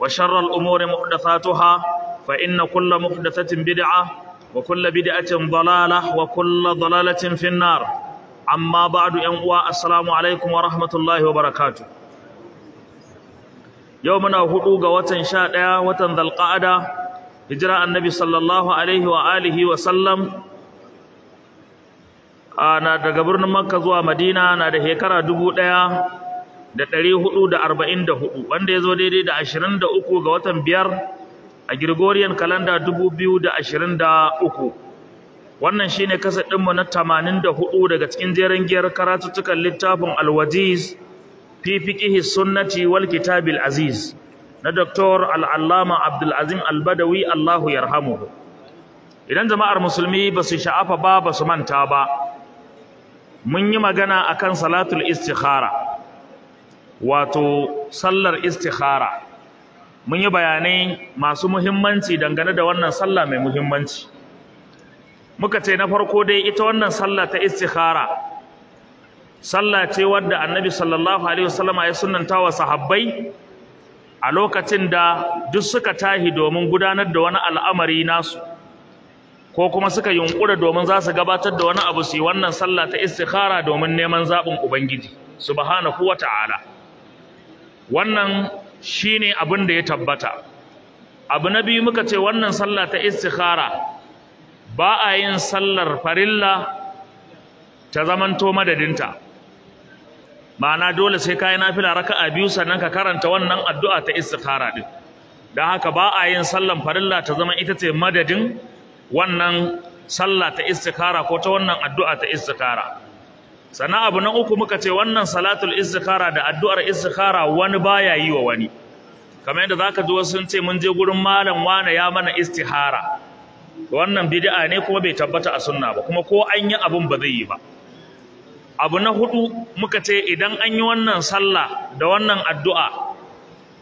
وشر الأمور محدثاتها فإن كل محدثة بدعة وكل بدعة ضلالة وكل ضلالة في النار أما بعد ينقوى السلام عليكم ورحمة الله وبركاته يومنا هدوغ وتنشاء وتنذى القعدة هجراء النبي صلى الله عليه وآله وسلم na daga birnin Makka zuwa Madina na da shekara dubu ɗaya da ɗari hudu da arba'in da hudu wanda ya zo daidai da ashirin da uku ga watan biyar a Gregorian kalanda dubu biyu da ashirin da uku wannan shine kasa ɗinmu na tamanin da hudu daga cikin jerin giyar karatuttukan littafin alwajiz fi sunnati wal kitabil aziz na Dr. al'allama abdulazim albadawi allahu yarhamuhu idan jama'ar musulmi ba su sha'afa ba ba su manta ba mun yi magana akan salatul istikhara wato sallar istikhara mun yi bayanai masu muhimmanci dangane da wannan sallah mai muhimmanci muka ce na farko dai ita wannan sallah ta istikhara sallah ce wadda annabi sallallahu alaihi wasallam ya sunnanta wa sahabbai a lokacin da duk suka tahi domin gudanar da wani al'amari nasu ko kuma suka yunkura domin za su gabatar da wani abu su yi wannan sallah ta istikhara domin neman zaɓin ubangiji subhanahu wa ta'ala wannan shi ne abin da ya tabbata abu na biyu muka ce wannan sallah ta istikhara ba a yin sallar farilla ta zamanto madadinta ma'ana dole sai ka yi nafila raka'a biyu sannan ka karanta wannan addu'a ta istikhara din don haka ba a yin sallar farilla ta zama ita ce madadin wannan sallah ta istikhara ko ta wannan addu'a ta istikhara Sana'a abu na uku muka ce wannan salatul istikhara da addu'ar istikhara wani baya yi wa wani kamar yadda zaka ji wasu sun ce mun je gurin malam wane ya mana istihara wannan bid'a ne kuma bai tabbata a sunna ba kuma ko an yi abun ba zai yi ba abu na hudu muka ce idan an yi wannan sallah da wannan addu'a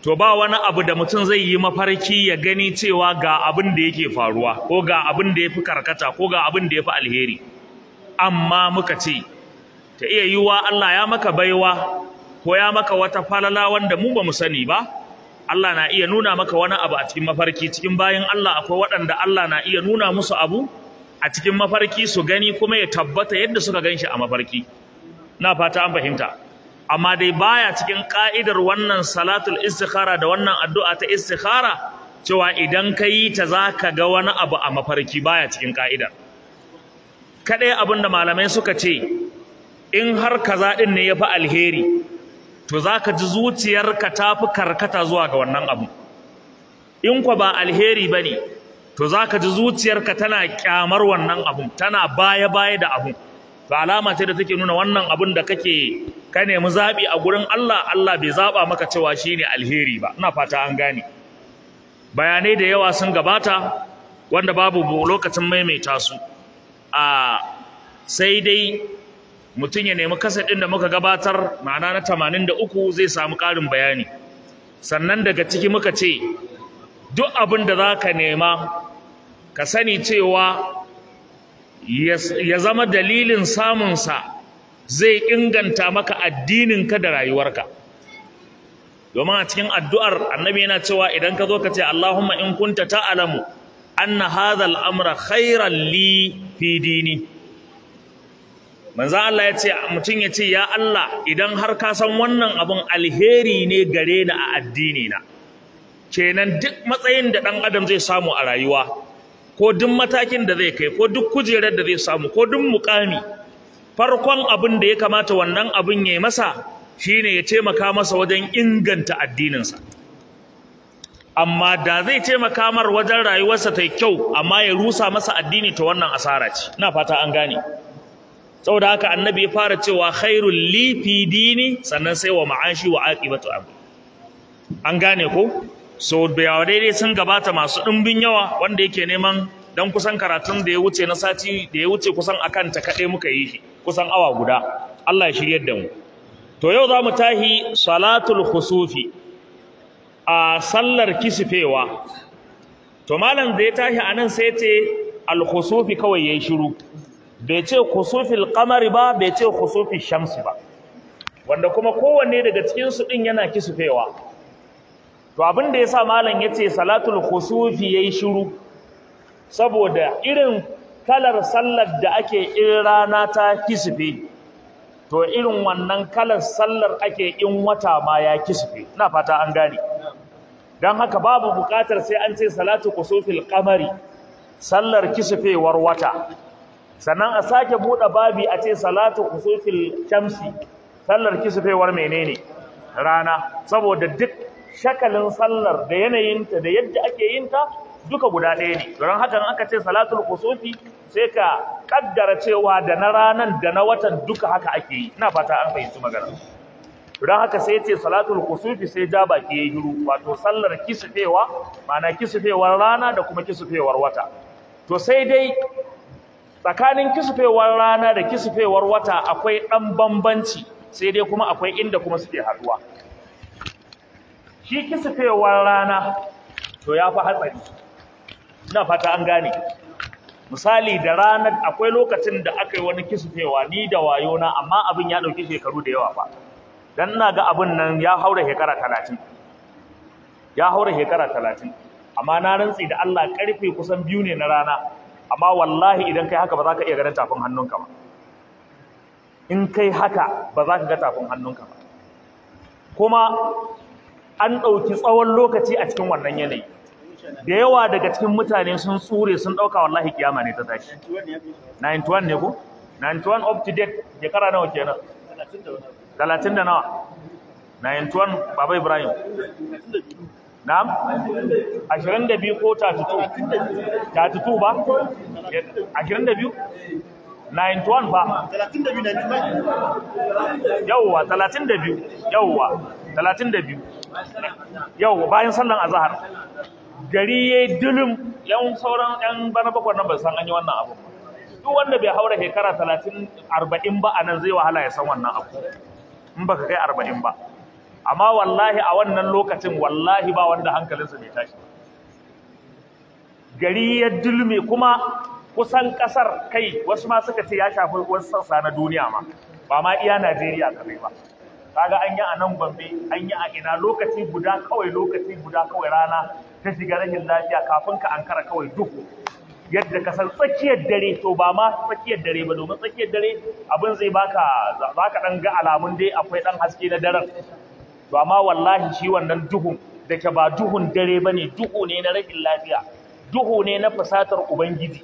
to ba wani abu da mutum zai yi mafarki ya gani cewa ga abin da yake faruwa ko ga abin da yafi karkata ko ga abin da fi alheri amma muka ce ta iya yiwuwa Allah ya maka baiwa ko ya maka wata falala wanda mu ba mu sani ba Allah na iya nuna maka wani abu a cikin mafarki cikin bayan Allah akwai waɗanda Allah na iya nuna musu abu a cikin mafarki su gani kuma ya tabbata yadda suka ganshi a mafarki na fata an fahimta amma dai baya cikin ka'idar wannan salatul istikhara da wannan addu'a ta istikhara cewa idan ka yi ta za ka ga wani abu a mafarki baya cikin ka'idar kaɗai abin malamai suka ce in har kaza din ne ya fi alheri to za ka ji zuciyarka fi karkata zuwa ga wannan abu in kwa ba alheri ba ne, to za ka ji zuciyarka tana kyamar wannan abu, tana baya baya da abu. to alama ce da take nuna wannan abun da kake ka nemi zaɓi a gurin Allah Allah bai zaɓa maka cewa shi ne alheri ba ina fata an gane bayanai da yawa sun gabata wanda babu lokacin maimaita su a ah, sai dai mutum ya nemi kasa ɗin da muka gabatar ma'ana na tamanin da uku zai samu ƙarin bayani sannan daga ciki muka ce duk abin da za ka nema ka sani cewa ya zama dalilin samunsa zai inganta maka addinin ka da rayuwarka domin a cikin addu'ar annabi yana cewa idan ka zo ka ce Allahumma in kunta ta'alamu anna hadha al-amra khairan li fi dini manzo Allah ya ce mutum ya ce ya Allah idan har ka san wannan abin alheri ne gare ni a addini na kenan duk matsayin da dan adam zai samu a rayuwa ko duk matakin da zai kai ko duk kujerar da zai samu ko duk mukami farkon abin da ya kamata wannan abin ya yi masa shine ya taimaka masa wajen inganta addininsa amma da zai taimaka mar wajen rayuwarsa ta kyau amma ya rusa masa addini ta wannan asara ce ina fata an gane Sau da haka annabi ya fara cewa khairul li dini sannan sai wa ma'ashi wa aqibatu abu. an gane ko so bayawa daidai sun gabata masu ɗimbin yawa wanda yake neman dan kusan karatun da ya wuce na sati da ya wuce kusan akan ta kaɗai muka yi shi kusan awa guda Allah ya shiryar da mu to yau za mu tahi salatul khusufi a sallar kisifewa to malam da ya tahi anan sai ce al khusufi kawai yayi shiru bai ce khusufil qamari ba bai ce khusufil shamsi ba wanda kuma kowanne daga cikin su din yana kisufewa to abin da yasa malam yace salatul khusufi yayi shiru saboda irin kalar sallar da ake in rana ta kisufe to irin wannan kalar sallar ake in wata ma ya kisufe ina fata an gane dan haka babu bukatar sai an ce salatu kusufil qamari sallar kisufewar wata sannan a sake buɗe babi a ce salatu kusufil shamsi sallar kisufewar menene rana saboda duk shakalin sallar da yanayinta da yadda ake yin ta duka guda ɗaya ne don haka aka ce salatu kusufi sai ka kaddara cewa da na ranan da na watan duka haka ake yi ina fata an fahimci magana don haka sai ce salatu kusufi sai ja baki ya yi wato sallar kisufewa ma'ana kisufewar rana da kuma kisufewar wata to sai dai tsakanin kisufewar rana da kisufewar wata akwai ɗan bambanci sai dai kuma akwai inda kuma suke haduwa. shi kisufewar rana to ya fi hatsari ina fata an gane misali da ranar akwai lokacin da aka yi wani kisufewa ni da wayona amma abin ya ɗauki shekaru da yawa fa don na ga abin nan ya haura shekara talatin ya haura shekara talatin amma na rantsi da Allah ƙarfe kusan biyu ne na rana amma wallahi idan kai haka ba za ka iya ganin tafin hannunka ba in kai haka ba za ka ga tafin hannunka ba kuma an ɗauki tsawon lokaci a cikin wannan yanayi da yawa daga cikin mutane sun tsure sun ɗauka wallahi kiyama ne ta tashi 91 ne ko 91 up to date shekara nawa kenan 30 da nawa 91 baba ibrahim na'am 22 ko 32 32 ba 22 91 ba 32 yawwa 32 yawwa 32 yawwa bayan sallan gari yi dulum yan sauran yan bana bakwai nan ba san an yi wannan abu duk wanda bai haura shekara 30 arba'in ba nan zai wahala ya san wannan abu in baka kai arba'in ba amma wallahi a wannan lokacin wallahi ba wanda hankalinsa bai tashi gari ya dulme kuma kusan kasar kai wasu ma suka ce ya shafi wasu sassa na duniya ma ba ma iya Najeriya kadai ba kaga an yi a nan Gombe an yi a ina lokaci guda kawai lokaci guda kawai rana ta shiga rashin lafiya kafin ka ankara kawai duk yadda ka san tsakiyar dare to ba ma tsakiyar dare ba domin tsakiyar dare abin zai baka za ka dan ga alamun dai akwai ɗan haske na daren to amma wallahi shi wannan duhun da ke ba duhun dare ba ne duhu ne na rashin lafiya duhu ne na fasatar ubangiji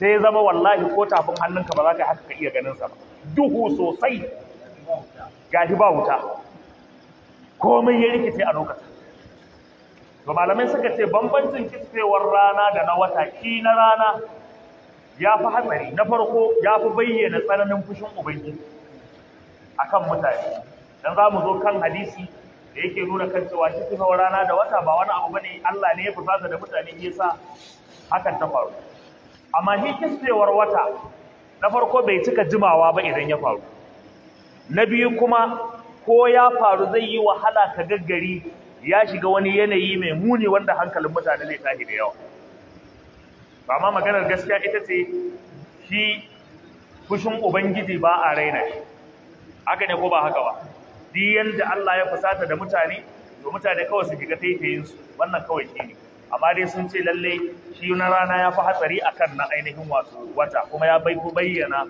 sai ya zama wallahi ko tafin hannunka ba za ka haka ka iya sa ba duhu sosai shi ba wuta komai ya rikice a lokacin to malamai suka ce bambancin kisfewar rana da na wata ki na rana ya fi hatsari na farko ya fi bayyana tsananin fushin ubangiji akan mutane dan za mu zo kan hadisi da yake nuna kan cewa shi kuma rana da wata ba wani abu bane Allah ne ya fusata da mutane yasa hakan ta faru amma hikistewar wata na farko bai cika jimawa ba idan ya faru na biyu kuma ko ya faru zai yi wahala ka gaggari ya shiga wani yanayi mai muni wanda hankalin mutane zai tashi da yawa ba ma maganar gaskiya ita ce shi fushin ubangiji ba a raina shi haka ne ko ba haka ba duk yanda Allah ya fusata da mutane to mutane kawai su shiga taifayin su wannan kawai shi ne amma dai sun ce lalle shi na rana ya fi hatsari akan na ainihin wato wata kuma ya bai ku bayyana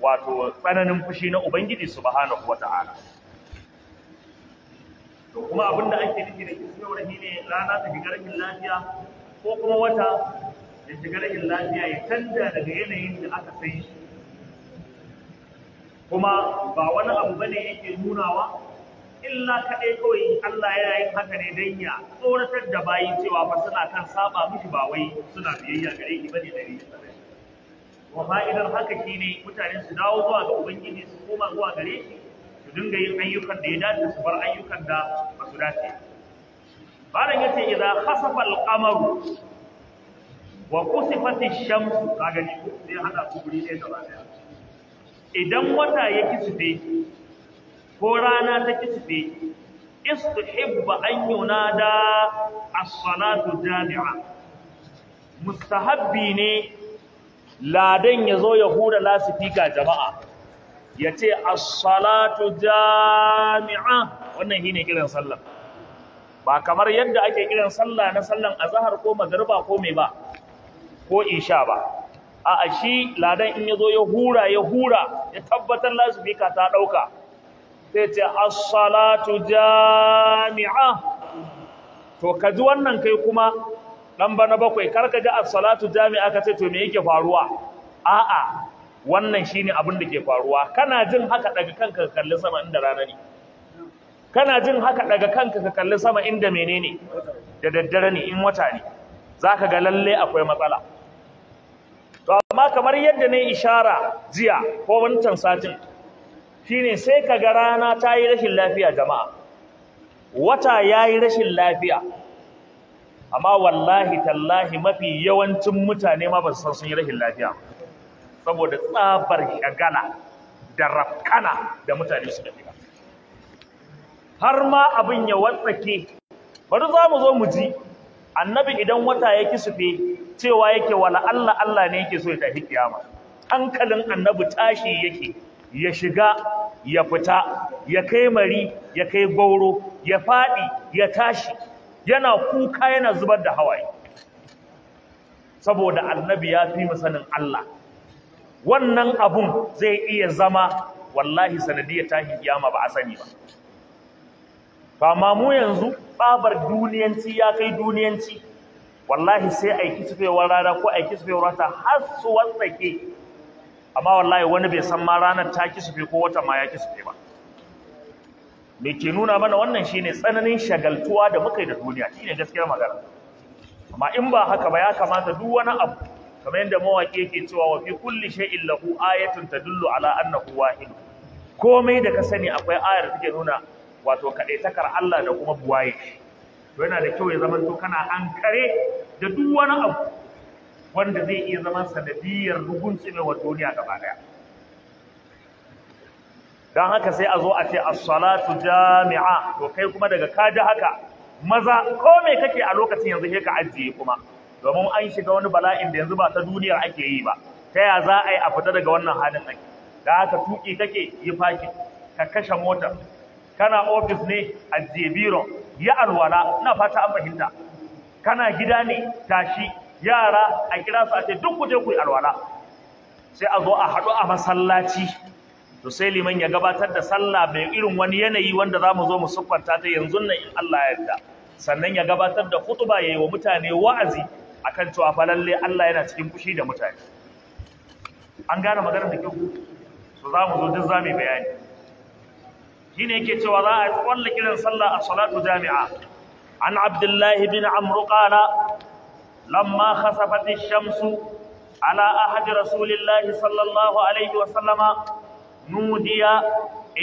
wato tsananin fushi na ubangiji subhanahu wata'ala to kuma abin da ake nufi da kisiyar ne rana ta shiga rashin lafiya ko kuma wata ya shiga rashin lafiya ya canja daga yanayin da aka sai shi kuma ba wani abu bane yake nunawa illa kaɗai kawai Allah yana yin haka ne dan ya tsoratar da bayi cewa ba suna kan saba miki ba wai suna biyayya gare shi bane dare wa fa'idar haka shine mutane su dawo zuwa ga ubangiji su koma zuwa gare shi su dinga yin ayyukan da ya dace su bar ayyukan da ba su dace malam yace idza khasafa al-qamaru wa kusifati ash-shamsu kaga ni sai hada su guri ɗaya gaba ɗaya idan wata ya kisife ko rana ta kisife istuhibba an yunada as-salatu jami'a mustahabbi ne ladan ya zo ya hura lasifika jama'a yace ce as-salatu jami'a wannan shine kiran sallah ba kamar yadda ake kiran sallah na sallan azhar ko magriba ko me ba ko isha ba a shi ladan in ya zo ya hura ya hura ya tabbatar ka ta ɗauka sai ce as-salatu jami'a to kaji wannan kai kuma dan bana bakwai kar ka ji as-salatu jami'a ka ce to me yake faruwa a'a wannan shine abin da ke faruwa kana jin haka daga kanka ka kalli sama inda rana ne kana jin haka daga kanka ka kalli sama inda menene da daddare ne in wata ne zaka ga lalle akwai matsala to amma kamar yadda na yi ishara jiya ko wancan satin shine sai ka ga rana ta yi rashin lafiya jama'a wata ya yi rashin lafiya amma wallahi tallahi mafi yawancin mutane ma ba su san sun yi rashin lafiya saboda tsabar shagala da rafkana da mutane suka shiga har ma abin ya watsake bari za mu zo mu ji annabi idan wata ya kisufe cewa yake wala Allah Allah ne yake so ya tafi kiyama hankalin annabi tashi yake ya shiga ya fita ya kai mari ya kai gauro ya fadi ya tashi yana kuka yana zubar da hawaye saboda annabi ya fi sanin Allah wannan abun zai iya zama wallahi sanadiyar tahi kiyama ba a sani ba ba ma mu yanzu babar duniyanci ya kai duniyanci wallahi sai a yi rana ko a yi wata har su wasake amma wallahi wani bai san ma ranar ta sufe ko wata ma ya sufe ba me ke nuna mana wannan shine tsananin shagaltuwa da muka yi da duniya shine gaskiyar magana amma in ba haka ba ya kamata duk wani abu kamar yadda mawaƙi yake cewa wa fi kulli shay'in lahu ayatun tadullu ala annahu wahid komai da ka sani akwai ayar da take nuna wato takar Allah da kuma buwaye to yana da kyau ya zamanto kana an kare da duk wani abu wanda zai iya zama sanadiyar rugun wa duniya gaba daya don haka sai a zo a ce as-salatu jami'a to kai kuma daga ka ji haka maza ko me kake a lokacin yanzu ke ka ajiye kuma domin an shiga wani bala'in da yanzu ba ta duniyar ake yi ba ta ya za a yi a fita daga wannan halin ake da haka tuki kake yi faki ka kashe motar kana ofis ne a zebiro ya alwala ina fata an fahimta kana gida ne tashi yara a kira su a ce duk kuje ku alwala sai a zo a haɗu a masallaci to sai liman ya gabatar da sallah mai irin wani yanayi wanda za mu zo mu siffanta ta yanzu nan in Allah ya yarda sannan ya gabatar da khutba yayi wa mutane wa'azi akan cewa fa lalle Allah yana cikin kushi da mutane an gane maganar da kyau to za mu zo duk za mu bayani shine yake cewa za a kwalla kiran sallah a salatu jami'a an abdullahi bin amr qala lamma khasafat ash-shamsu ala ahadi rasulillahi sallallahu alaihi wa sallama nudiya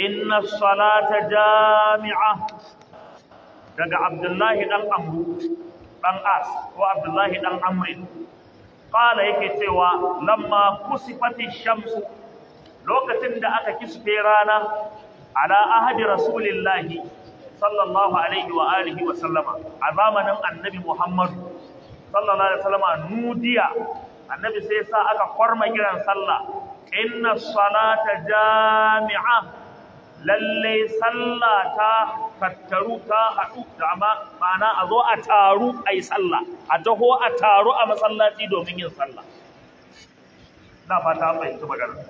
inna salata jami'a daga abdullahi dan amru dan as ko abdullahi dan amrin qala yake cewa lamma kusifati shamsu lokacin da aka kisfe rana ala ahadi rasulillahi sallallahu alaihi wa alihi wa sallama a zamanin annabi Muhammadu sallallahu alaihi wa sallama nudiya annabi sai sa aka kwarma kiran sallah inna salata jami'a lalle sallah ta tattaru ta haɗu da ma'ana a zo a taru a yi sallah a taho a taru a masallaci domin yin sallah na fata fahimci magana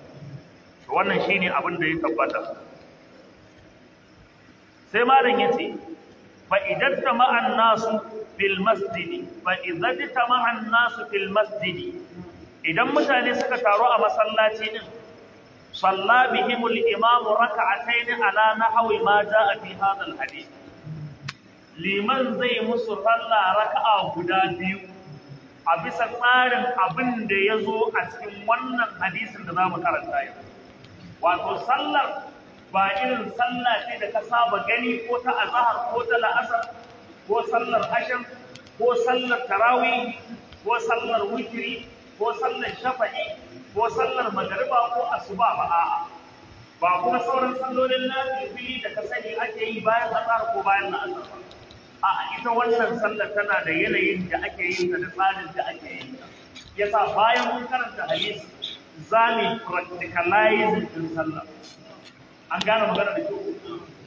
wannan shine abin da ya tabbata sai malam ya ce fa idan tama'an nasu fil masjidi fa idan tama'an nasu fil masjidi idan mutane suka taru a masallaci din salla bihimul imam raka'atayn ala nahwi ma jaa fi hadha al hadith liman zai musu salla raka'a guda biyu a bisa tsarin abin da ya zo a cikin wannan hadisin da zamu karanta yau wato sallar ba irin sallah ce da ka saba gani ko ta azahar ko ta la'asar ko sallar ashar ko sallar tarawih ko sallar witiri ko sallar shafa'i ko sallar magariba ko asuba ba a'a ba kuma sauran sallolin nafili da ka sani ake yi bayan azahar ko bayan la'asar ba a'a ita wannan sallar tana da yanayin da ake yin ta da tsarin da ake yin ta yasa bayan mun karanta hadisi za mu practicalize din sallar an gane magana da kyau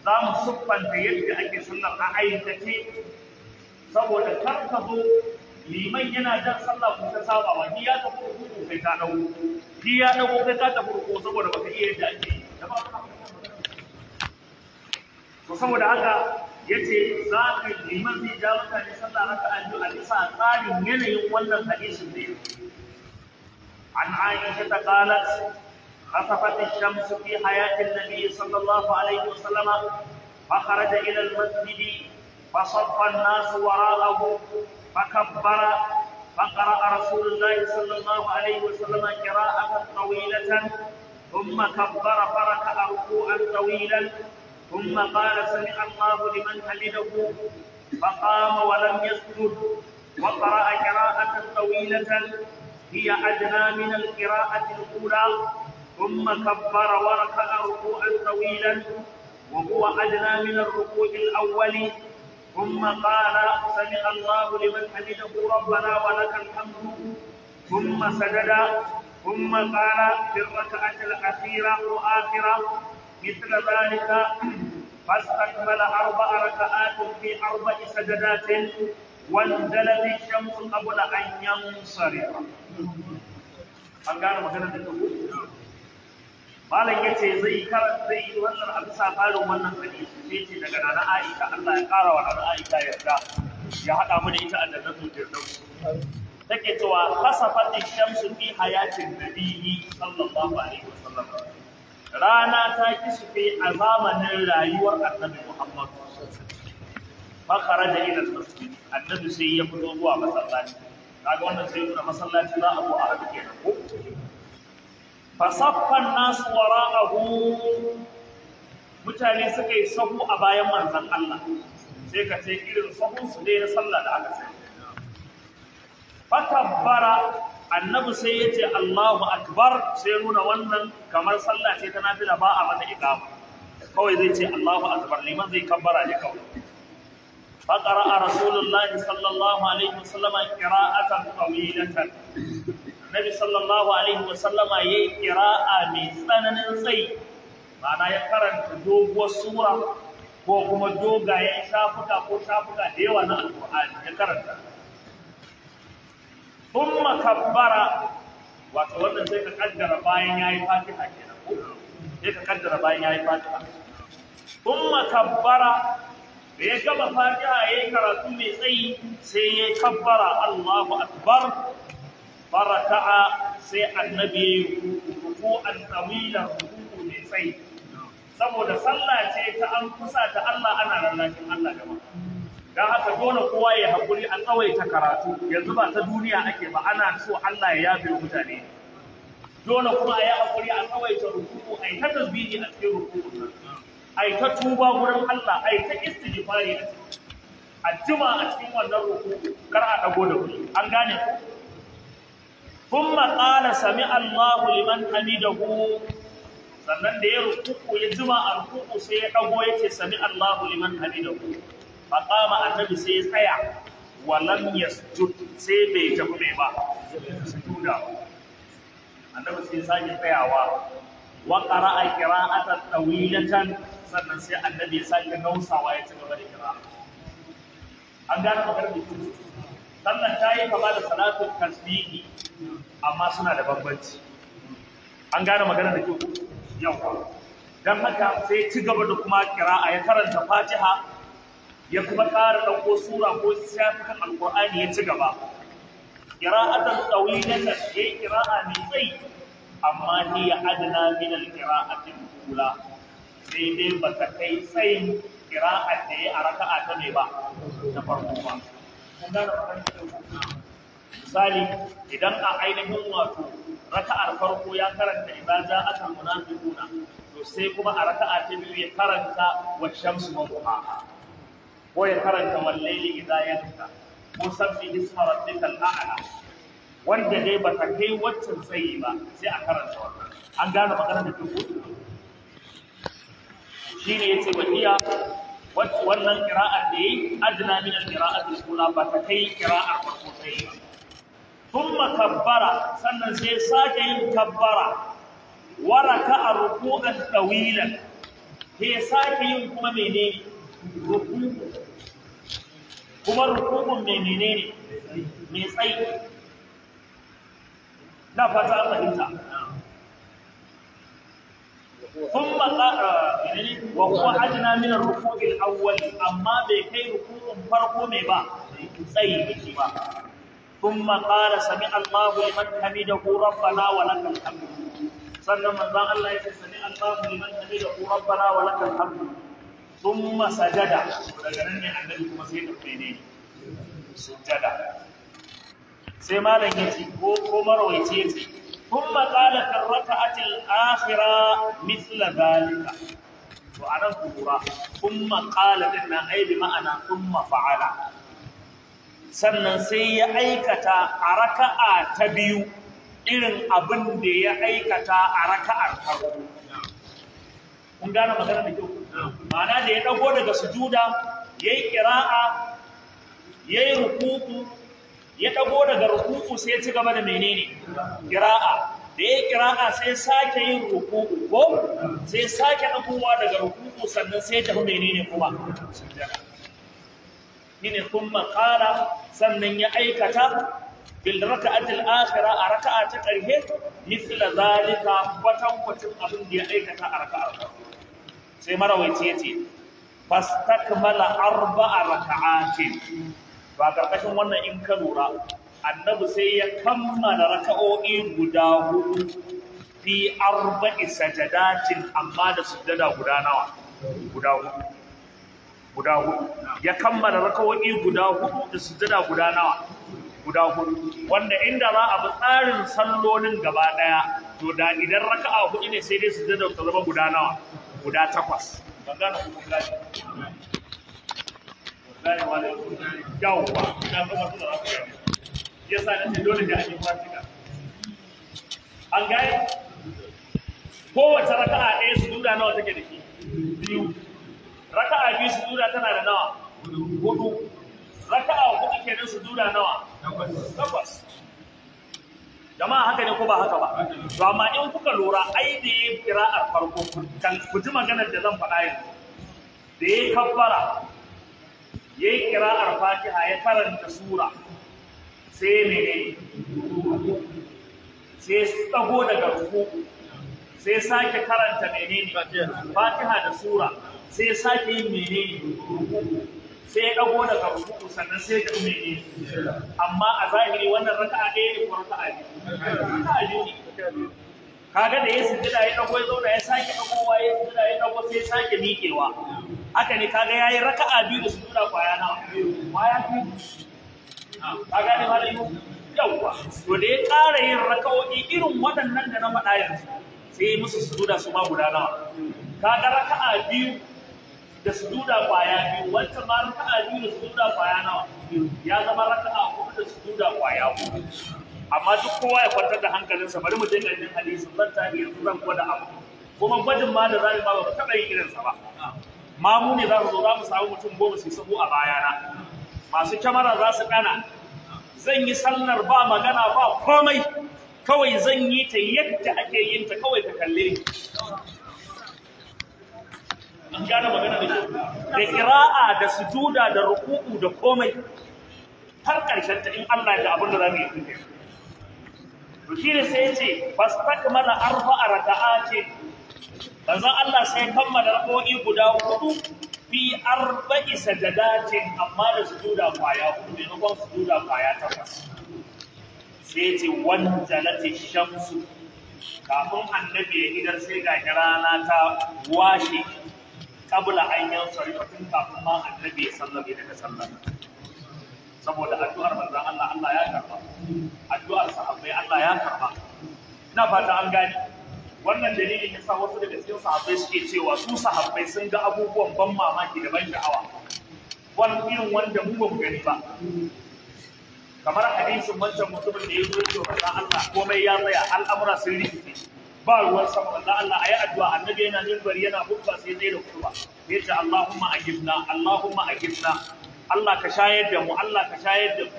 za mu siffanta yadda ake sallar a aikace saboda kar ka zo liman yana jan sallah ku ta saba wa ni ya tafi ku kai ta dawo ni ya dawo kai ta tafi ku saboda baka iya yadda ake to saboda haka yace za ka liman zai ja mutane sallah haka a ji a bisa tsarin yanayin wannan hadisin ne an aisha ta qalat خسفت الشمس في حياة النبي صلى الله عليه وسلم فخرج إلى المسجد فصف الناس وراءه فكبر فقرأ رسول الله صلى الله عليه وسلم قراءة طويلة ثم كبر فركع ركوعا طويلا ثم قال سمع الله لمن حمده فقام ولم يسجد وقرأ قراءة طويلة هي أدنى من القراءة الأولى ثم كبر وركع ركوعا طويلا وهو أدنى من الركوع الأول ثم قال سمع الله لمن حمده ربنا ولك الحمد ثم سجد ثم قال في الركعة الأخيرة وآخرة مثل ذلك فاستكمل أربع ركعات في أربع سجدات وانزلت الشمس قبل أن ينصرف. أن قال مكان malam ya ce zai karanta zai yi wannan a farin wannan hadisi sai ce daga nana aisha Allah ya kara wa nan aisha yarda ya haɗa mu da ita a jannatul firdaus take cewa kasafat shamsu fi hayatin nabiyyi sallallahu alaihi wasallam rana ta kisfe a azamanin rayuwar annabi Muhammad fakara kharaja ila masjid annabi sai ya fito zuwa masallaci kaga wannan sai nuna masallaci za a go a haɗu kenan ko fasaffan nasu wara'ahu mutane suka yi sahu a bayan manzan Allah sai ka ce irin sahun su ne na sallah da aka sai fatabbara annabi sai ya ce Allahu akbar sai nuna wannan kamar sallah ce fi da ba a mata iqama kawai zai ce Allahu akbar liman zai kabbara ne kawai فقرأ رسول الله صلى الله عليه وسلم قراءة annabi sallallahu alaihi wasallama ya yi a mai tsananin tsayi ma'ana ya karanta doguwar sura ko kuma dogayen shafuka ko shafuka da yawa na alƙur'ani ya karanta thumma makabbara wato wannan sai ka kaddara bayan ya yi fatiha kenan ko sai ka kaddara bayan ya yi fatiha thumma makabbara da ya gaba fatiha yi karatu mai tsayi sai ya yi kabbara Allahu akbar faraka'a sai annabi ya yi an tsawilan ruku'u mai tsayi saboda sallah ce ta an kusa ta Allah ana rarrakin Allah gaba don haka dole kowa ya haƙuri a tsawaita karatu yanzu ba ta duniya ake ba ana so Allah ya yafe mutane dole kuma ya haƙuri a tsawaita ruku'u a yi ta tasbihi a cikin ruku'u a yi ta tuba wurin Allah a yi ta istighfari a cikin a jima a cikin wannan ruku'u kar a ɗago da wuri an gane ku thumma qala sami Allahu liman hamidahu sannan da ya ruku ya jima a rukuku sai ya dago yace sami Allahu liman hamidahu fa qama annabi sai ya tsaya wa lam yasjud sai bai tafi mai ba sujuda annabi sai ya sake tsayawa wa qara'a qira'atan tawilatan sannan sai annabi ya sake gausawa ya ci gaba da kira an gane makarbi Sannan ta yi kama da salatun tasbihi amma suna da bambanci an gane magana da kyau yawa don haka sai ci gaba da kuma kira'a ya karanta fatiha ya kuma ƙara ɗauko sura ko shafukan alqur'ani ya ci gaba kira'atan tsawilatan ya yi kira'a mai tsayi amma ni ya adana min alqira'ati kula sai dai ba ta kai tsayin kira'ar da ya a raka'a ta ne ba ta farko ba kun gane magana da kyau misali idan a ainihin wato raka'ar farko ya karanta idan za a kan munafiquna to sai kuma a raka'a ta biyu ya karanta wa shamsu wa duha ko ya karanta wal idza yaghsha ko sabbi isma rabbika ala wanda dai ba ta kai waccan tsayi ba sai a karanta wannan an gane magana da ke shine yace wa iya wannan qira'ar da yi adna min al-qira'ati al-ula ba ta kai qira'ar farko sai ba thumma kabbara sannan sai sake yin kabbara wa raka'a ruku'an tawilan sai sake yin kuma menene kuma ruku'un menene ne me tsayi na fata an fahimta thumma qara eh, menene wa huwa ajna min ar-ruku'il awwal amma bai kai ruku'un farko ne ba tsayi ne ba ثم قال سمع الله لمن حمده ربنا ولك الحمد sannan manzon Allah ya ce sami Allahu liman hamidahu rabbana wa lakal hamd thumma sajada daga nan ne annabi kuma sai da ne sujada sai malam yace ko ko marwaye yace thumma qala kar raka'atil akhira mithla dhalika to anan kubura thumma qala dinna ai bi ma'ana thumma fa'ala sannan sai ya aikata a raka'a ta biyu irin abin da ya aikata a raka'ar farko kun gane magana da kyau Mana da ya ɗago daga sujuda juda, ya yi kira'a, ya ɗago daga rukuku sai ci gaba da menene kira'a? da ya kira'a sai sake yin rukuku ko sai sake abubuwa daga rukuku sannan sai tafi menene kuma shine kuma kara sannan ya aikata bil raka'atil akhira a raka'a ta karhe misla zalika watan kwatin abin da ya aikata a raka'a sai marawaici yace fastakmala arba'a raka'atin ba karkashin wannan in ka lura annabi sai ya kammala raka'o'i guda hudu fi arba'i sajadatin amma da sujjada guda nawa guda hudu guda hudu ya kammala rakawa'i guda hudu da sujjada guda nawa guda hudu wanda inda za a bi tsarin sallolin gaba daya to da idan raka'a hudu ne sai dai sujjada ta zama guda nawa guda takwas magana ku gani yawwa ina ga masu da rafiya yasa na ce dole da ake fatika an gaya kowace raka'a ɗaya su duda nawa take da ke biyu raka'a biyu sujuda tana da nawa hudu raka'a hudu kenan sujuda nawa takwas jama'a haka ne ko ba haka ba to amma in kuka lura ai da yi kira'ar farko kan ku ji maganar da zan faɗa yanzu da kafara ya yi kira'ar Fatiha ya karanta sura sai ne sai tsago daga ruku sai sake karanta menene Fatiha da sura sai ya sake yin menene sai ya da daga rukuku sannan sai ya ɗago menene amma a zahiri wannan raka a ɗaya ne ko a biyu raka'a biyu kaga da ya sujjada ya ɗago ya zauna ya sake wa ya sujjada ya ɗago sai ya sake miƙewa haka ne kaga yayi a biyu da sujjada kwaya nawa kwaya biyu kaga ne malamu yawwa to da ya ƙara yin raka'o'i irin waɗannan da na faɗa yanzu sai musu sujuda su ma guda nawa kaga raka'a biyu da su duda kwaya biyu wancan ma raka'a biyu da su duda kwaya nawa ya zama raka'a kuma da duda kwaya hudu amma duk kowa ya kwantar da hankalinsa bari mu dinga ganin hadisi zan ta iya zan gwada abu kuma gwajin ma da zai ba ba taɓa yin irinsa ba ma mu ne za su zo za mu samu mutum goma su sabo a bayana masu kyamara za su ɗana zan yi sallar ba magana ba komai kawai zan yi ta yadda ake yin ta kawai ka kalle ni da kira'a da sujuda da ruku'u da komai har karshen ta in Allah ya abin da zamu yi to shi ne sai ce yace fastakmala arba'a ce, manzon Allah sai kammala ra'o'i guda hudu fi arba'i sajadatin amma da sujuda kwaya hudu ne kuma sujuda kwaya takwas sai na wanjalati shamsu kafin annabi ya idar sai ga rana ta washe kabla an yan sarrafa tun kafin ma annabi ya sallame daga sallar saboda addu'ar manzon Allah Allah ya karba addu'ar sahabbai Allah ya karba ina fata an gani wannan dalilin ya sa wasu daga cikin sahabbai suke cewa su sahabbai sun ga abubuwan ban mamaki da ban sha'awa wani irin wanda mu ba mu gani ba kamar hadisin wancan mutumin da ya zo ya ce Allah komai ya tsaya al'amura sun rikice ba ruwan sama wallahi Allah ayi addu'a annabi yana minbar yana hukuma sai zai da kurwa yace Allahumma ajibna Allahumma ajibna Allah ka shayar da mu Allah ka shayar da mu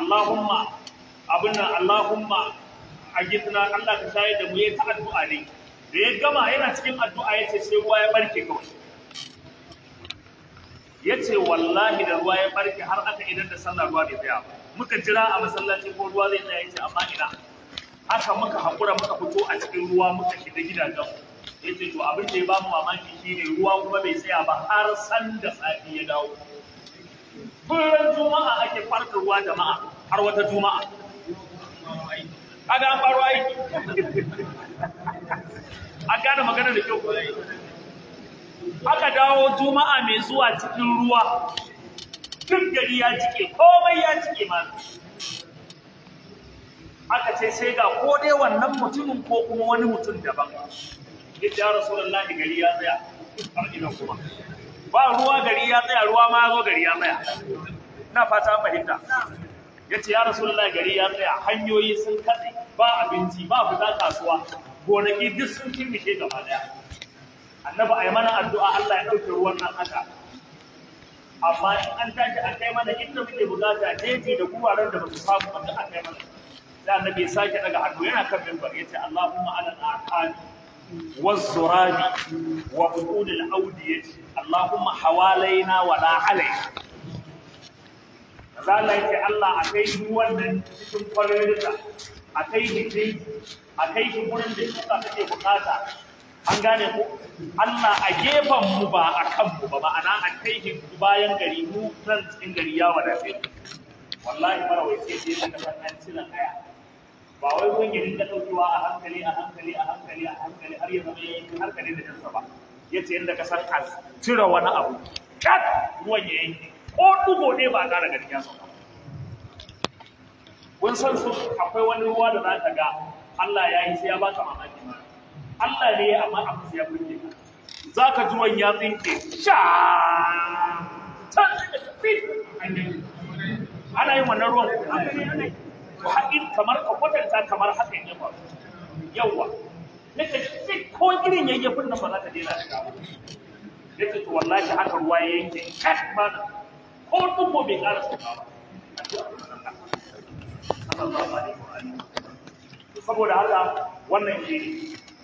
Allahumma abinna Allahumma ajibna Allah ka shayar da mu yayi ta addu'a ne da ya gama yana cikin addu'a ya ce sai ruwa ya barke kawai ce wallahi da ruwa ya barke har aka idan da sallar ruwa bai tsaya muka jira a masallaci ko ruwa zai tsaya ce amma ina aka muka haƙura muka fito a cikin ruwa muka shiga gidajen ya ce to abin da ya bamu mamaki shine ruwa kuma bai tsaya ba har san da safi ya dawo kullum juma'a ake farka ruwa jama'a har wata juma'a kaga an faro aiki A gane magana da kyau aka dawo juma'a mai zuwa cikin ruwa duk gari ya jike komai ya jike ma aka ce sai ga ko dai wannan mutumin ko kuma wani mutum daban ya rasu ya rasulullahi gari ya tsaya har ina kuma ba ruwa gari ya tsaya ruwa ma zo gari ya tsaya na fata fahimta ya ce ya rasulullahi gari ya tsaya hanyoyi sun katse ba abinci ba fita kasuwa gonaki duk sun shi gaba daya annabi a yi mana addu'a Allah ya ɗauke ruwan nan haka amma in an tashi a kai mana inda muke bukata jeji da guraren da ba su samu ba a kai mana da annabi ya sake daga hannu yana kan mimbar yace Allahumma ala al-aqad والزراب وبقول الأودية اللهم حوالينا ولا علينا zala yake Allah akai kai shi wannan cikin kwalolita a kai shi dai a kai shi gurin da shuka take bukata an gane ko Allah a gefen mu ba a kan mu ba ma'ana a kai shi bayan gari mu nan cikin gari ya wadace wallahi mara wai sai dai da kan nan cilan aya ba wai ruwan ya rinka ɗaukewa a hankali a hankali a hankali a hankali har yanzu zama yanki hankali da kansa ba ya ce yadda ka san cire wani abu kat ruwan ya yanki ko ɗugo ne ba a ƙara ganin yasa ba kun san su akwai wani ruwa da za ka ga Allah ya yi sai ya ba ka mamaki ma Allah ne amma abu sai ya burge ka za ka ji wani ya tsinke sha ta tsinke ana yin wannan ruwan a ana yi to kamar ka kwatanta kamar haka ya ba, yawa ka shi ko irin yayyafin nan ba za ka dena shiga ba nake to wallahi haka ruwa ya yanke kat mana ko dubo bai ƙara sauka ba saboda haka wannan ke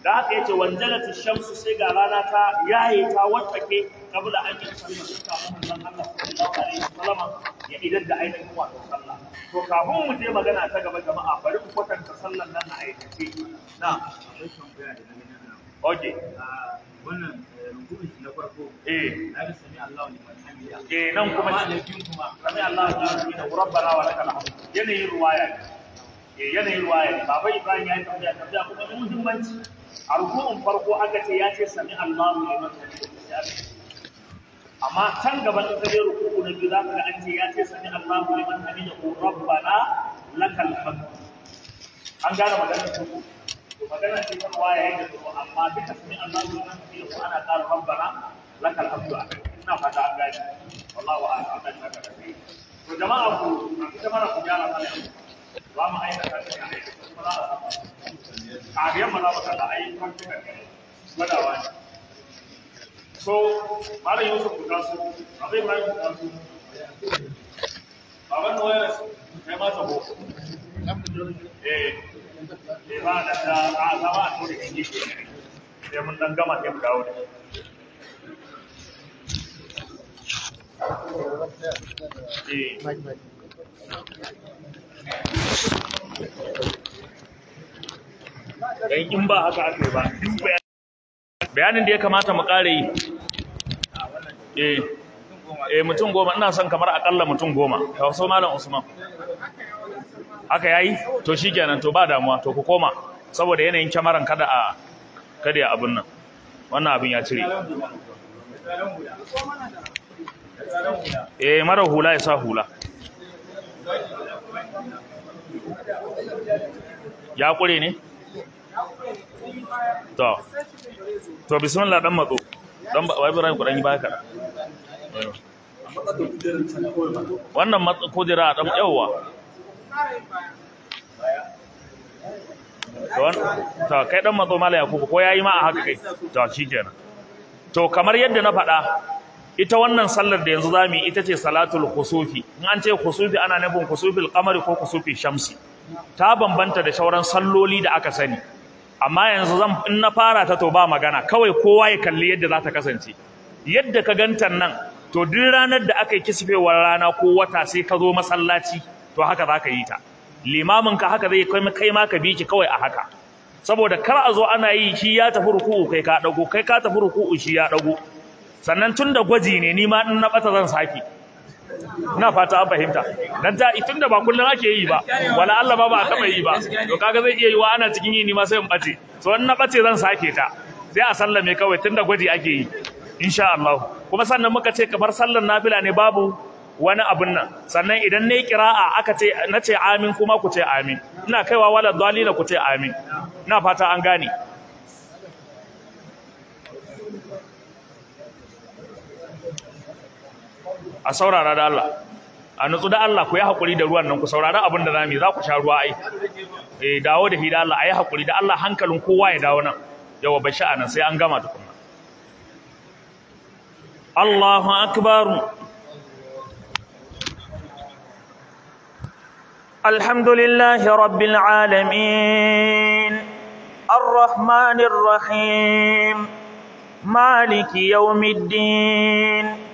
da haka yace wanzalatu shamsu sai ga rana ta yaye ta wattake kabla an yi sallah su kafin manzon Allah sallallahu alaihi wasallam ya idan da ainihin wato sallah to kafin mu je magana ta gaba jama'a bari ku kwatanta sallan nan Na a aikace na na okay wannan rukuni na farko eh na ga sami allah liman hamida eh nan kuma da kin kuma sami Allahu liman hamida rabbana wa lakal hamd yanayin ruwaya eh yanayin ruwaya baba Ibrahim ya tambaya tambaya kuma muhimmanci a rukun farko aka ce ya ce sami Allahu liman hamida amma can gaba in ka rukuku na biyu za ka ga an ce ya ce sami Allahu liman hamidahu rabbana lakal hamd an gane maganar ta ku magana ce ta waya da ta amma duka sami Allahu liman ko ana ƙara rabbana lakal hamd a kai ina fata an gane wallahu a'lam dan haka da kai to jama'a ku ita mana ku gyara mana yau ba mu ta shi ne kuma za a samu a biyan mu za mu kada ayyukan cikin gwadawa ne so malam yusuf ku taso abai bayan ku eh. eh ba da tori eh ba bayanin da ya kamata mu ƙara yi eh, eh mutum goma ina son kamar akalla mutum goma Ta wasu malam usman haka yayi to shikenan to ba damuwa to ku koma saboda yanayin kyamaran kada a kada ya abun nan wannan abin ya cire eh mara hula ya sa hula ya kure ne to to bismillah dan matso dan ba Ibrahim kudan yi baka wannan matsa kujera dan yawa to kai dan matso mala yakubu ko yayi ma a haka kai to shikenan to kamar yadda na faɗa ita wannan sallar da yanzu zamu ita ce salatul khusufi in an ce khusufi ana nufin khusufil qamari ko khusufi shamsi ta bambanta da sauran salloli da aka sani amma yanzu zan in na fara ta to ba magana kawai kowa ya kalli yadda za ta kasance yadda ka ganta nan to duk ranar da aka yi kisfewar rana ko wata sai ka zo masallaci to haka za ka yi ta limamin ka haka zai kai ma ka bi ki kawai a haka saboda kar a zo ana yi shi ya tafi ruku'u kai ka dago kai ka tafi ruku'u shi ya dago sannan tun da gwaji ne ni ma in na bata zan saki ina fata an fahimta dan ta itun da ba kullun ake yi ba wala Allah ba ba taba yi ba to kaga zai iya yi wa ana cikin yini ma sai in bace so in na bace zan sake ta sai a sallame kawai tunda gwaji ake yi insha Allah kuma sannan muka ce kamar sallar nafila ne babu wani abun nan sannan idan nayi kira'a aka ce nace amin kuma ku ce amin ina kaiwa wala dalila ku ce amin ina fata an gane a saurara da Allah a nutsu da Allah ku yi haƙuri da ruwan nan ku saurara abin da zami za ku sha ruwa ai eh dawo da hidda Allah ayi haƙuri da Allah hankalin kowa ya dawo nan yawa sha anan sai an gama tukunna Allahu akbar Alhamdulillahi rabbil alamin Ar-Rahmanir rahim Maliki yawmiddin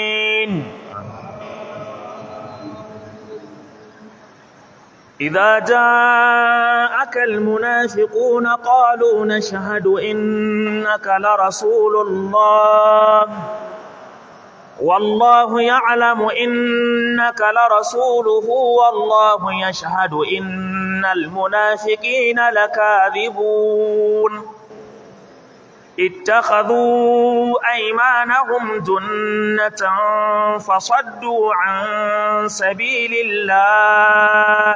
إذا جاءك المنافقون قالوا نشهد إنك لرسول الله والله يعلم إنك لرسوله والله يشهد إن المنافقين لكاذبون اتخذوا أيمانهم جنة فصدوا عن سبيل الله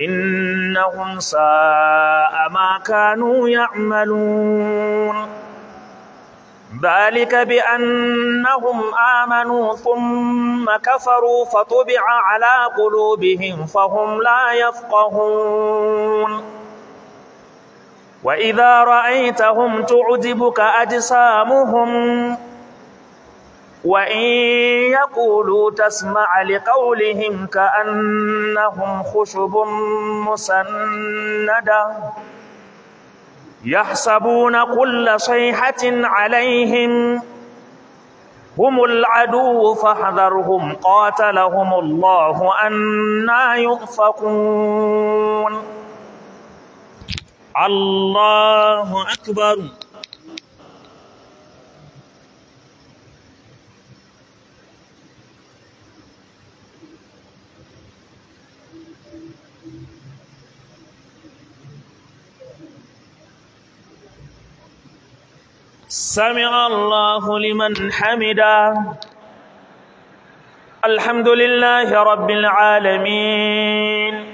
إنهم ساء ما كانوا يعملون ذلك بأنهم آمنوا ثم كفروا فطبع على قلوبهم فهم لا يفقهون وإذا رأيتهم تعجبك أجسامهم وإن يقولوا تسمع لقولهم كأنهم خشب مسندة يحسبون كل صيحة عليهم هم العدو فاحذرهم قاتلهم الله أنا يؤفكون الله أكبر سمع الله لمن حمدا الحمد لله رب العالمين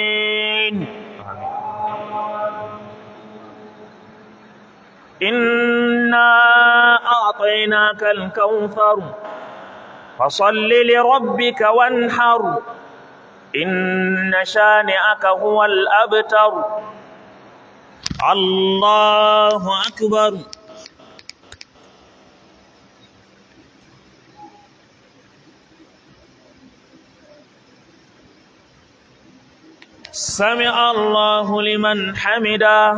إنا أعطيناك الكوثر فصل لربك وانحر إن شانئك هو الأبتر الله أكبر سمع الله لمن حمده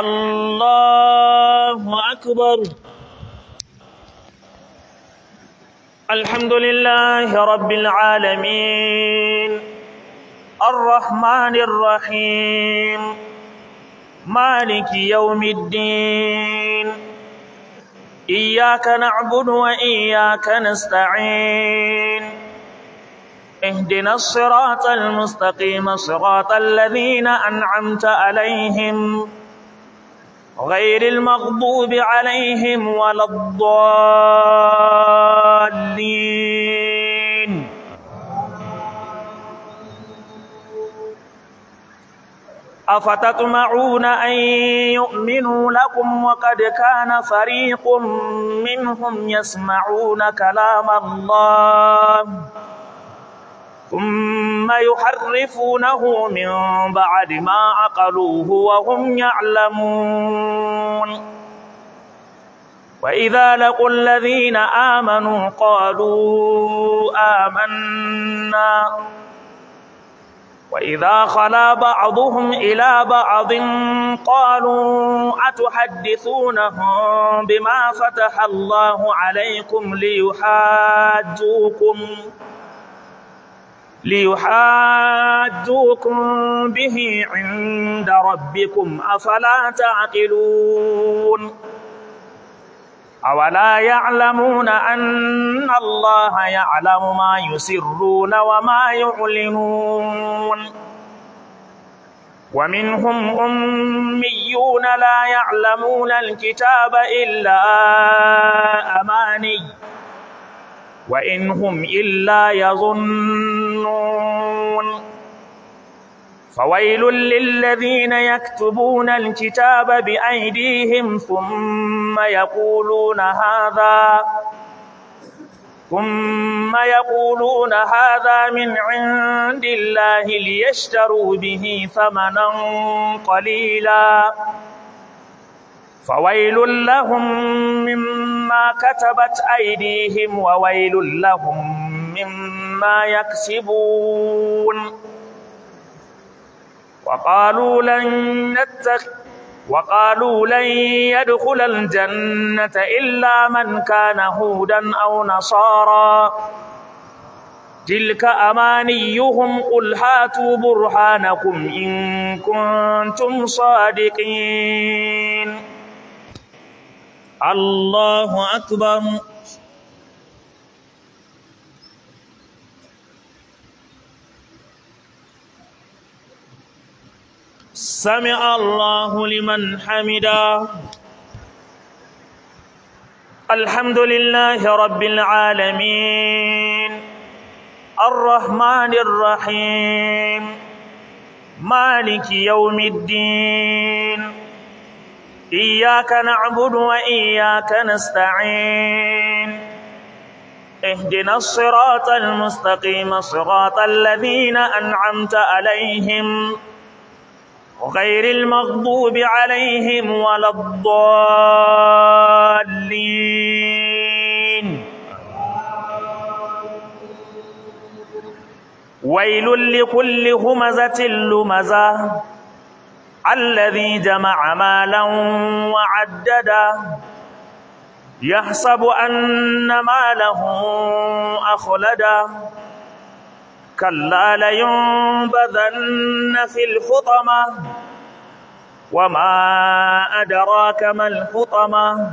الله أكبر الحمد لله رب العالمين الرحمن الرحيم مالك يوم الدين إياك نعبد وإياك نستعين اهدنا الصراط المستقيم صراط الذين أنعمت عليهم غير المغضوب عليهم ولا الضالين أفتطمعون أن يؤمنوا لكم وقد كان فريق منهم يسمعون كلام الله ثم يحرفونه من بعد ما عقلوه وهم يعلمون وإذا لقوا الذين آمنوا قالوا آمنا وإذا خلا بعضهم إلى بعض قالوا أتحدثونهم بما فتح الله عليكم ليحاجوكم ليحاجوكم به عند ربكم أفلا تعقلون أولا يعلمون أن الله يعلم ما يسرون وما يعلنون ومنهم أميون لا يعلمون الكتاب إلا أماني wa in hum illa yazunnun فويل للذين يكتبون الكتاب بأيديهم ثم يقولون هذا ثم يقولون هذا من عند الله ليشتروا به ثمنا قليلا فويل لهم مما كتبت أيديهم وويل لهم مما يكسبون وقالوا لن نتخ وقالوا لن يدخل الجنة إلا من كان هودا أو نصارى تلك أمانيهم قل هاتوا برهانكم إن كنتم صادقين الله أكبر سمع الله لمن حمدا الحمد لله رب العالمين الرحمن الرحيم مالك يوم الدين إياك نعبد وإياك نستعين اهدنا الصراط المستقيم صراط الذين أنعمت عليهم غير المغضوب عليهم ولا الضالين ويل لكل همزة لمزة الذي جمع مالا وعدده يحسب أن ماله أخلده كلا لينبذن في الحطمة وما أدراك ما الحطمة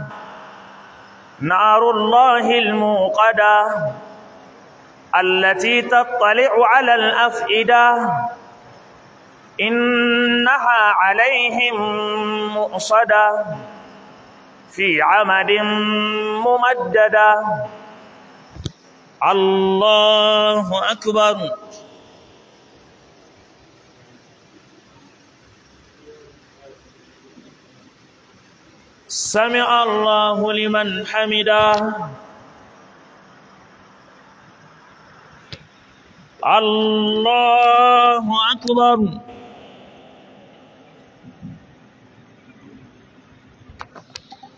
نار الله الموقدة التي تطلع على الأفئدة إنها عليهم مؤصدة في عمد ممددة الله أكبر سمع الله لمن حمده الله أكبر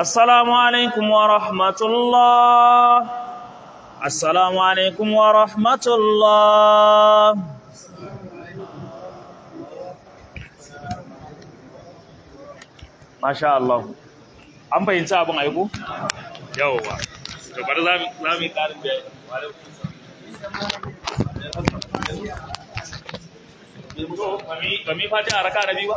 السلام عليكم ورحمة الله السلام عليكم ورحمة الله ما شاء الله an fahimci abin aiko? yawwa to bari za mu yi ƙarin da ba mi fati a raka na biyu ba?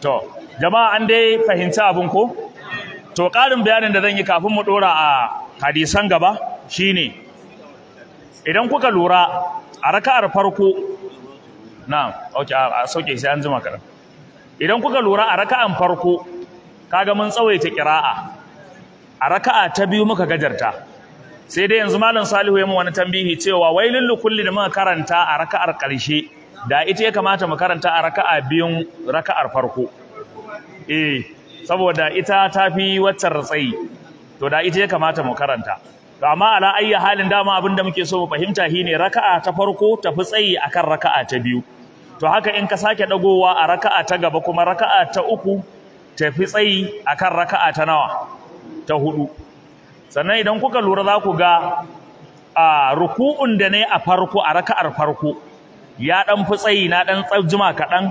to jama'a an dai fahimci abin ko to ƙarin bayanin da zan yi kafin mu ɗora a hadisan gaba shine idan kuka lura a raka'ar farko na ok a sauke sai an jima kaɗan idan kuka lura a raka'an farko kaga mun tsawaita ƙira'a a raka'a ta biyu muka gajarta sai dai yanzu malam salihu ya mu wani tambihi cewa wailul kulli da muka karanta a raka'ar ƙarshe da ita ya kamata mu karanta a raka'a biyun raka'ar farko eh saboda ita ta fi waccan ratsayi to da ita ya kamata mu karanta to amma ala ayyi halin dama abin da muke so mu fahimta shine raka'a ta farko ta fi tsayi akan raka'a ta biyu to haka in ka sake dagowa a raka'a ta gaba kuma raka'a ta uku ta fi tsayi akan raka'a ta nawa ta hudu sannan idan kuka lura za ku ga a ruku'un da ne a farko a raka'ar farko ya dan fi tsayi na dan jima kaɗan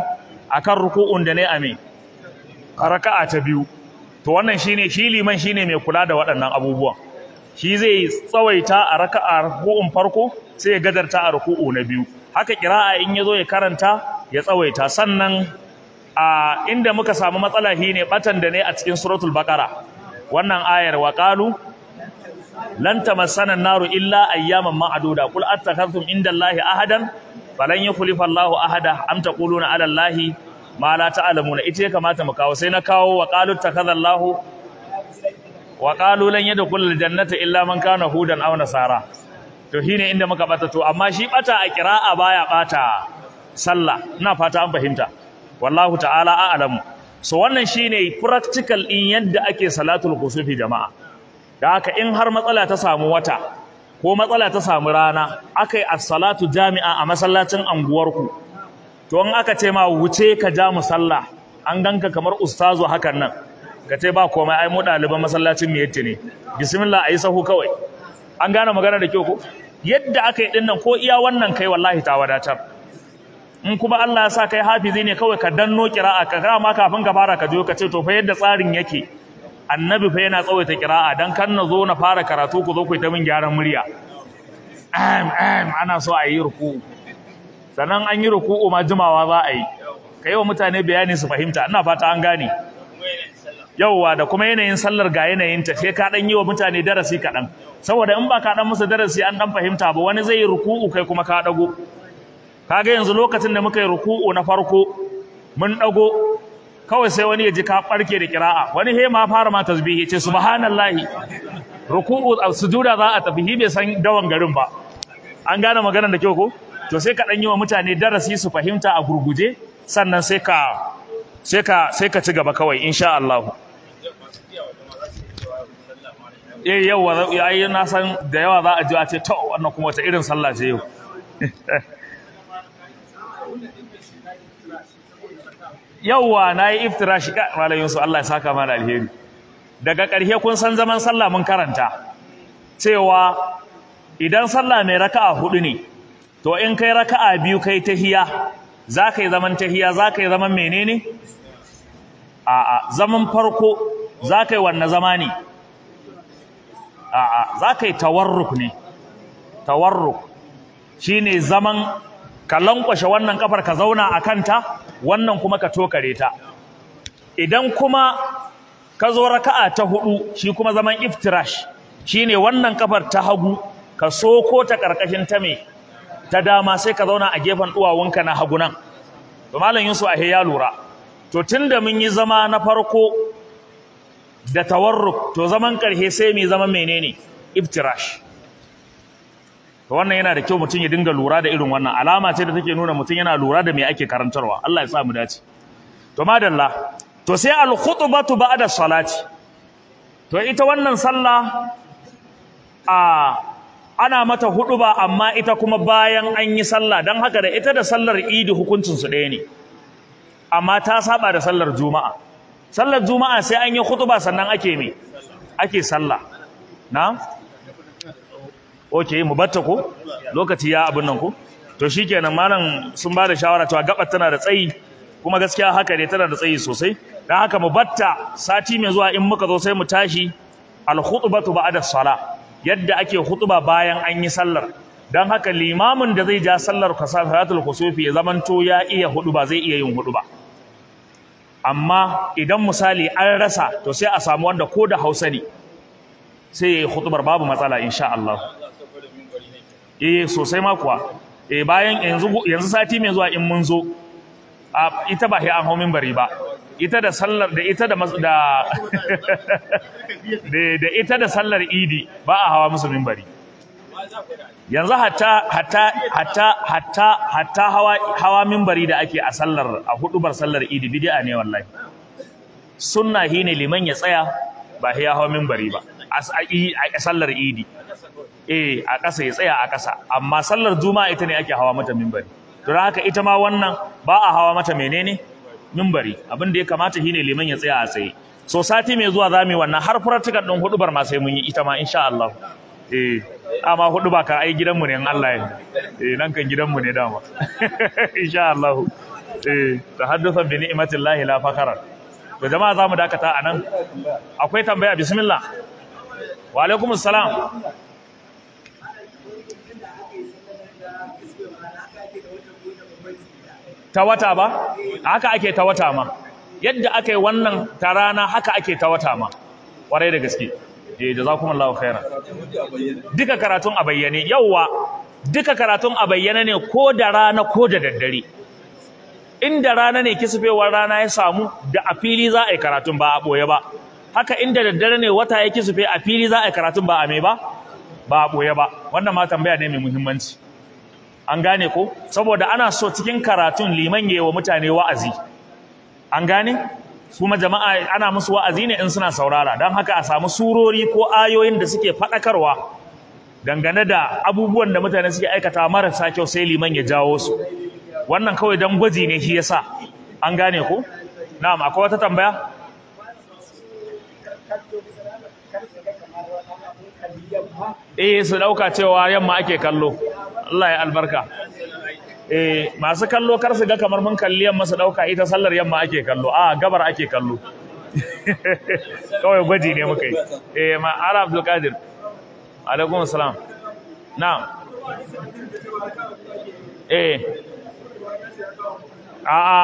kan ruku'un da ne a me raka'a ta biyu to wannan shine shi liman shine mai kula da waɗannan abubuwan shi zai tsawaita a raka'a ruku'un farko sai ya gadarta a ruku'u na biyu haka a in yazo ya karanta ya tsawaita sannan a inda muka samu matsala shine batan da ne a cikin suratul baqara wannan ayar wa qalu lan tamassana an-naru illa ayyaman ma'duda qul attakhadhtum indallahi ahadan falan yukhlifa Allahu ahada am taquluna ala Allahi ma la ta'lamuna ita ya kamata mu kawo sai na kawo wa qalu takadha Allahu wa qalu lan jannata illa man kana hudan aw nasara to shine inda muka bata to amma shi bata a qira'a baya bata sallah ina fata an fahimta wallahu ta'ala a'lamu so wannan shine practical din yadda ake salatul kusufi jama'a da haka in har matsala ta samu wata ko matsala ta samu rana aka yi assalatu jami'a a masallacin anguwarku to in aka ce ma wuce ka ja musalla sallah an ganka kamar ustazu hakan nan ka ce ba komai ai mu ɗaliban masallacin mu yace ne bismillah ayi sahu kawai an gane magana da kyau ko yadda aka yi dinnan ko iya wannan kai wallahi ta wadatar in kuma Allah ya sa kai hafizi ne kawai ka danno kira'a ka ma kafin ka fara ka je ka ce to fa yadda tsarin yake annabi fa yana tsawaita kira'a dan kan na zo na fara karatu ku zo ku ta min gyaran murya am am ana so a yi ruku sannan an yi ruku'u ma jimawa za a yi ka yi wa mutane bayani su fahimta ina fata an gane yauwa da kuma yanayin sallar ga yanayin ta sai ka dan yi wa mutane darasi kaɗan saboda in ba ka dan musu darasi an ɗan fahimta ba wani zai yi ruku'u kai kuma ka dago kaga yanzu lokacin da muka yi ruku'u na farko mun dago kawai sai wani ya ji ka barke da kira'a wani he ma fara ma tasbihi ce subhanallahi ruku'u sujuda za a tafi bai san dawan garin ba an gane maganar da kyau ko to sai ka dan yi wa mutane darasi su fahimta a gurguje sannan sai ka sai ka sai ka ci gaba kawai insha Allah eh yawa ai san da yawa za a ji a ce to wannan kuma wata irin sallah ce yau yauwa na yi iftira shi malayin su Allah ya saka mana alheri daga ƙarshe kun san zaman sallah mun karanta cewa idan sallah mai raka'a hudu ne to in kai raka'a biyu kai tahiya za ka yi zaman tahiya za ka yi zaman menene a'a zaman farko za ka yi wanne zama ne a'a za ka yi tawarruk ne tawarruk shine zaman ka lankwashe wannan kafar ka zauna a kanta wannan kuma ka tokare ta idan kuma ka zo raka'a ta hudu shi kuma zaman iftirash shine wannan kafar ta hagu ka soko ta karkashin ta me ta dama sai ka zauna a gefen duwawunka na hagu nan to malam Yusuf ahe ya lura to tunda mun yi zama na farko da tawarruk to zaman karhe sai mu zaman menene iftirash wannan yana da kyau mutum ya dinga lura da irin wannan alama ce da take nuna mutum yana lura da me ake karantarwa Allah ya sa mu dace to madalla to sai al khutbatu ba'da salati to ita wannan sallah a ana mata huduba amma ita kuma bayan an yi sallah dan haka da ita da sallar idi hukuncin su ɗaya ne amma ta saba da sallar juma'a sallar juma'a sai an yi khutba sannan ake me ake sallah na okay mu batta ko lokaci ya abin nan ko to shikenan malam sun ba da shawara cewa gabar tana da tsayi kuma gaskiya haka ne tana da tsayi sosai dan haka mu batta sati mai zuwa in muka zo sai mu tashi al khutbatu ba'da sala yadda ake khutba bayan an yi sallar dan haka limamin da zai ja sallar kasafatul kusufi ya zamanto ya iya huɗuba, zai iya yin huɗuba. amma idan misali an rasa to sai a samu wanda ko da Hausa ne sai ya yi hutubar babu matsala insha Allah eh sosai ma kuwa eh bayan yanzu yanzu sati mai zuwa in mun zo ita ba sai an hau minbari ba ita da sallar da ita da da da ita da sallar idi ba a hawa musu minbari yanzu hatta hatta hatta hatta hatta hawa hawa minbari da ake a sallar a hudubar sallar idi bid'a ne wallahi sunna hine liman ya tsaya ba sai ya hawa minbari ba a sallar idi eh a ƙasa ya tsaya a ƙasa amma sallar juma'a ita ne ake hawa mata mimbari to don haka ita ma wannan ba a hawa mata menene mimbari abin da ya kamata shine liman ya tsaya a tsaye so sati mai zuwa za mu yi wannan har tikar ɗin hudubar ma sai mun yi ita ma insha Allah eh amma hudu ba ka ai gidanmu ne in Allah ya eh nan kan gidanmu ne dama insha Allah eh tahaddathan bi ni'matillahi la fakara to jama'a zamu dakata anan akwai tambaya bismillah wa alaikumus salam ta wata ba haka ake ta wata ma yadda aka yi wannan ta rana haka ake ta wata ma ƙwarai da gaske eh jazakumullahu khairan duka karatun a bayyane yawwa duka karatun a bayyane ne ko da rana ko da daddare inda rana ne kisufewar rana ya samu da a fili za a yi karatun ba a ɓoye ba haka inda daddare ne wata ya kisufe a fili za a yi karatun ba a me ba ba a ɓoye ba wannan ma tambaya ne mai muhimmanci an gane ko saboda ana so cikin karatun liman yayi wa mutane wa'azi an gane kuma jama'a ana musu wa'azi ne in suna saurara don haka a samu surori ko ayoyin da suke faɗakarwa dangane da abubuwan da mutane suke aikata marasa kyau sai liman ya jawo su wannan kawai don gwaji ne shi yasa an gane ko na'am akwai wata tambaya eh su ɗauka cewa yamma ake kallo Allah ya albarka eh masu kallo kar su ga kamar mun kalli yamma su dauka ita sallar yamma ake kallo a ah, gabar ake kallo kawai gwaji ne muka yi eh ma ala abdul qadir alaikum salam. na'am eh a'a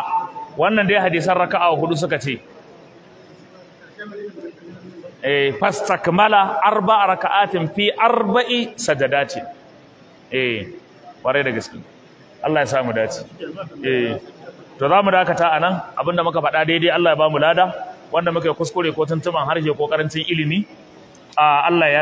wannan dai hadisan raka'a hudu suka ce eh fastakmala arba'a raka'atin fi arba'i sajadatin. eh kwarai da gaske Allah ya sa mu dace eh to za mu dakata a nan abinda muka faɗa daidai Allah ya ba mu lada wanda muka kuskure ko tuntuman harshe ko karancin ilimi Allah ya